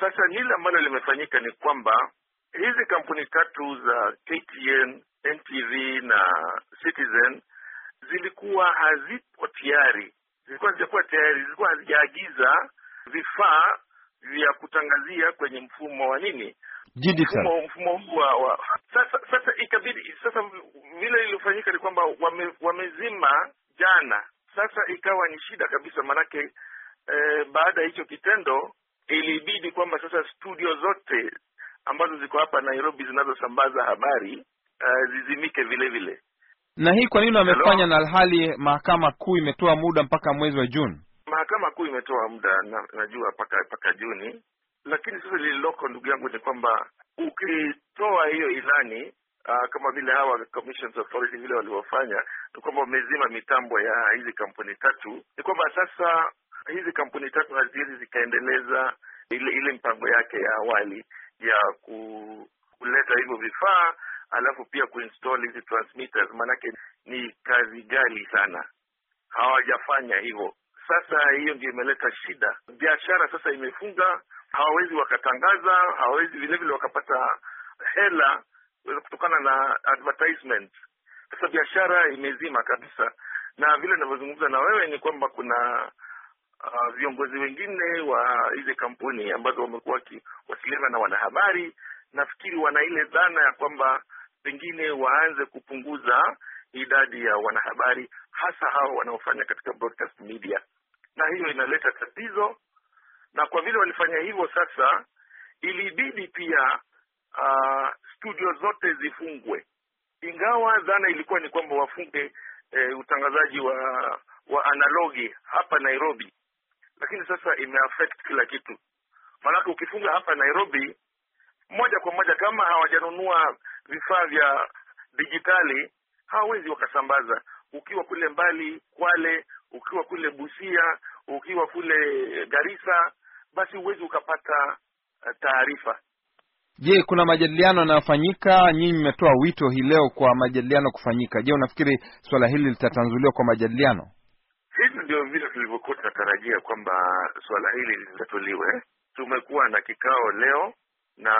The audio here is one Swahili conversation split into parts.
Sasa lile ambalo limefanyika ni kwamba hizi kampuni tatu za KTN, NTV na Citizen zilikuwa hazipo tayari, zilikuwa hazijakuwa tayari, zilikuwa hazijaagiza vifaa vya kutangazia kwenye mfumo wa nini, mfumo, mfumo wa, wa sasa. Sasa ikabidi sasa, vile ilifanyika ni kwamba wame, wamezima jana. Sasa ikawa ni shida kabisa, maanake eh, baada ya hicho kitendo ilibidi kwamba sasa studio zote ambazo ziko hapa Nairobi zinazosambaza habari uh, zizimike vile vile. Na hii kwa nini wamefanya, na hali mahakama kuu imetoa muda mpaka mwezi wa Juni? Mahakama kuu imetoa muda na, najua mpaka mpaka Juni, lakini sasa lililoko ndugu yangu ni kwamba ukitoa hiyo ilani uh, kama vile hawa Commissions Authority vile walivyofanya, ni kwamba wamezima mitambo ya hizi kampuni tatu, ni kwamba sasa hizi kampuni tatu haziwezi zikaendeleza ile, ile mpango yake ya awali ya kuleta hivyo vifaa alafu pia kuinstall hizi transmitters, maanake ni kazi gali sana, hawajafanya hivyo. Sasa hiyo ndio imeleta shida. Biashara sasa imefunga, hawawezi wakatangaza, hawawezi vilevile wakapata hela kutokana na advertisement. Sasa biashara imezima kabisa, na vile ninavyozungumza na wewe ni kwamba kuna uh, viongozi wengine wa hizi kampuni ambazo wamekuwa wakiwasiliana na wanahabari, nafikiri wana ile dhana ya kwamba pengine waanze kupunguza idadi ya wanahabari, hasa hao wanaofanya katika broadcast media, na hiyo inaleta tatizo. Na kwa vile walifanya hivyo, sasa ilibidi pia uh, studio zote zifungwe, ingawa dhana ilikuwa ni kwamba wafunge eh, utangazaji wa wa analogi hapa Nairobi, lakini sasa imeaffect kila kitu. Maanake ukifunga hapa Nairobi moja kwa moja, kama hawajanunua vifaa vya dijitali hawawezi wakasambaza. Ukiwa kule mbali Kwale, ukiwa kule Busia, ukiwa kule Garissa, basi huwezi ukapata eh, taarifa. Je, kuna majadiliano yanayofanyika? Nyinyi mmetoa wito hii leo kwa majadiliano kufanyika. Je, unafikiri suala hili litatanzuliwa kwa majadiliano? ndio vile tulivyokuwa tunatarajia kwamba suala hili litatuliwe. Tumekuwa na kikao leo na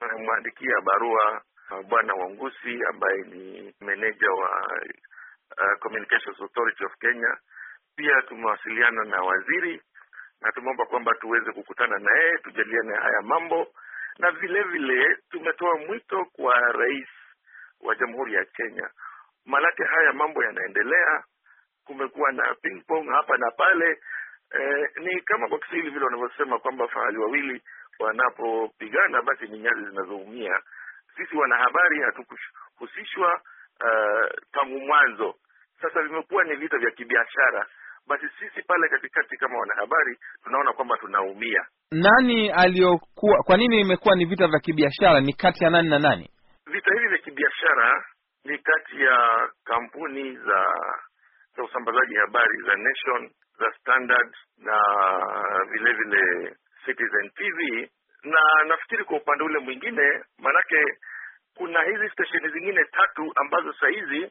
tumemwandikia barua uh, Bwana Wangusi ambaye ni meneja wa uh, Communications Authority of Kenya. Pia tumewasiliana na waziri na tumeomba kwamba tuweze kukutana na yeye tujadiliane haya mambo, na vile vile tumetoa mwito kwa rais wa Jamhuri ya Kenya, maanake haya mambo yanaendelea kumekuwa na ping pong hapa na pale. Eh, ni kama kwa Kiswahili vile wanavyosema kwamba fahali wawili wanapopigana basi ni nyali zinazoumia. Sisi wanahabari hatukuhusishwa uh, tangu mwanzo. Sasa vimekuwa ni vita vya kibiashara, basi sisi pale katikati kama wanahabari tunaona kwamba tunaumia. Nani aliyokuwa, kwa nini imekuwa ni vita vya kibiashara? Ni kati ya nani na nani? Vita hivi vya kibiashara ni kati ya kampuni za za usambazaji habari za Nation, za Standard na vile vile Citizen TV, na nafikiri kwa upande ule mwingine, maanake kuna hizi stesheni zingine tatu ambazo saa hizi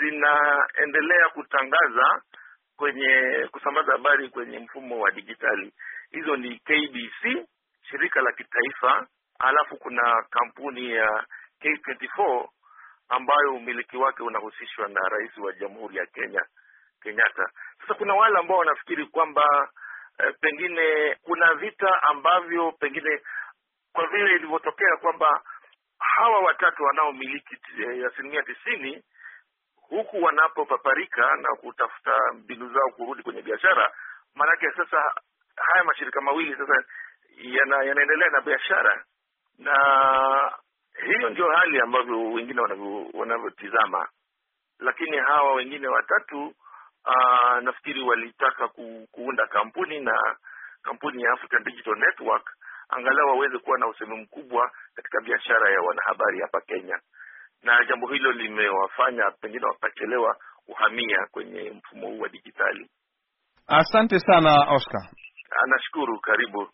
zinaendelea kutangaza kwenye kusambaza habari kwenye mfumo wa dijitali. Hizo ni KBC, shirika la kitaifa, alafu kuna kampuni ya K24 ambayo umiliki wake unahusishwa na rais wa jamhuri ya Kenya Kenyatta. Sasa kuna wale ambao wanafikiri kwamba eh, pengine kuna vita ambavyo pengine kwa vile ilivyotokea kwamba hawa watatu wanaomiliki eh, asilimia tisini huku wanapopaparika na kutafuta mbinu zao kurudi kwenye biashara, maanake sasa haya mashirika mawili sasa yana, yanaendelea na biashara na hiyo ndio hali ambavyo wengine wanavyotizama, lakini hawa wengine watatu uh, nafikiri walitaka ku, kuunda kampuni na kampuni ya African Digital Network angalau waweze kuwa na usemi mkubwa katika biashara ya wanahabari hapa Kenya, na jambo hilo limewafanya pengine wakachelewa kuhamia kwenye mfumo huu wa dijitali. Asante sana Oscar. Nashukuru, karibu.